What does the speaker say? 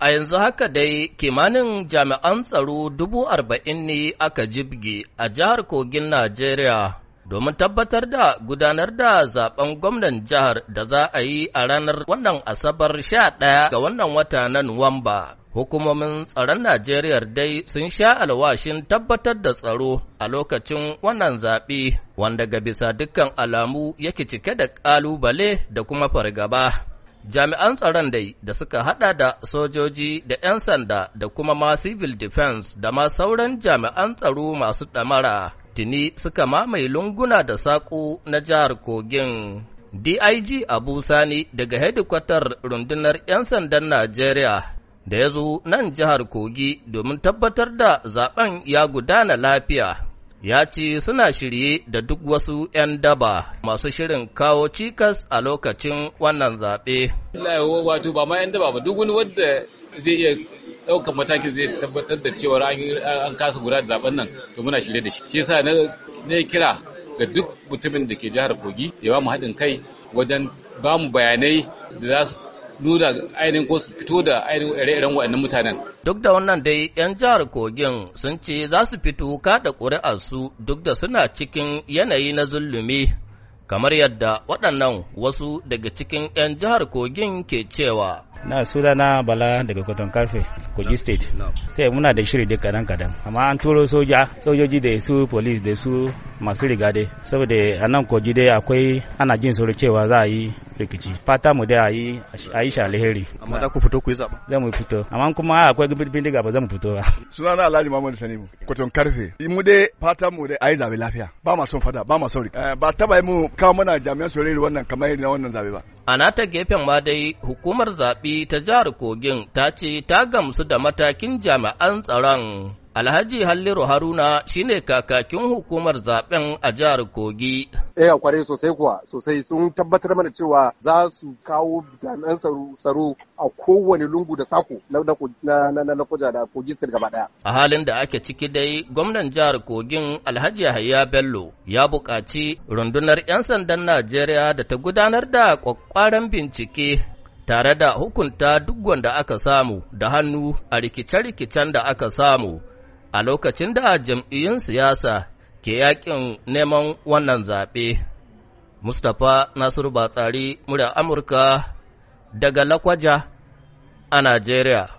A yanzu haka dai kimanin jami'an tsaro dubu arba'in ne aka jibge a jihar Kogin Najeriya domin tabbatar da gudanar da zaben gwamnan jihar da za a yi a ranar wannan Asabar sha ɗaya ga wannan wata na Nuwamba. Hukumomin tsaron Najeriya dai sun sha alwashin tabbatar da tsaro a lokacin wannan zaɓe wanda ga bisa dukkan alamu yake cike da ƙalubale da kuma fargaba. Jami'an tsaron dai da suka hada da sojoji da 'yan sanda da kuma ma civil defense da ma sauran jami'an tsaro masu ɗamara tuni suka mamaye lunguna da saƙo na jihar Kogin. DIG Abu Sani daga hedikwatar rundunar 'yan sandan Najeriya da ya zo nan jihar Kogi domin tabbatar da zaben ya gudana lafiya ya ce suna shirye da duk wasu 'yan daba masu shirin kawo cikas a lokacin wannan zaɓe. wato ba ma 'yan daba ba duk wani wanda zai iya ɗaukar mataki zai tabbatar da cewa an kasa guda da zaben nan to muna shirye da shi shi yasa ne kira ga duk mutumin da ke jihar kogi ya ba mu haɗin kai wajen ba mu bayanai da za su nuna ainihin ko su fito da ainihin ire-iren waɗannan mutanen. Duk da wannan dai 'yan jihar Kogin sun ce za su fito kada ƙuri'arsu duk da suna cikin yanayi na zulumi kamar yadda waɗannan wasu daga cikin 'yan jihar Kogin ke cewa. na suna na bala daga cotton karfe kogi state ta muna da shiri duk kadan kadan amma an turo soja sojoji da su police da su masu riga saboda a nan kogi dai akwai ana jin tsoro cewa za a yi rikici fata mu da ayi ayi alheri amma da ku fito ku yi zaba za mu fito amma kuma akwai bindiga ba za mu fito ba sunana Alhaji Muhammad Sanibu kwaton karfe mu dai fata mu da ayi zabe lafiya ba ma son fada ba ma son rikici eh, ba taba yi mu kawo mana jami'an sorori wannan kamar na wannan zabe ba a nata gefen ma dai hukumar zaɓe ta jihar Kogin ta ce ta gamsu da matakin jami'an tsaron Alhaji Halliru Haruna shine kakakin hukumar zaben a jihar Kogi. Eh kware sosai kuwa sosai sun tabbatar mana cewa za su kawo jami'an tsaro a kowane lungu da sako na na kuja da Kogi gaba daya. A halin da ake ciki dai gwamnan jihar Kogin Alhaji Yahaya Bello ya buƙaci rundunar 'yan sandan Najeriya da ta gudanar da ƙwaƙƙwaran bincike tare da hukunta duk wanda aka samu da hannu a rikice-rikicen da aka samu a lokacin da jam'iyyun siyasa ke yakin neman wannan zaɓe. Mustapha Nasiru Batsari, murya Amurka daga Lakwaja a Najeriya.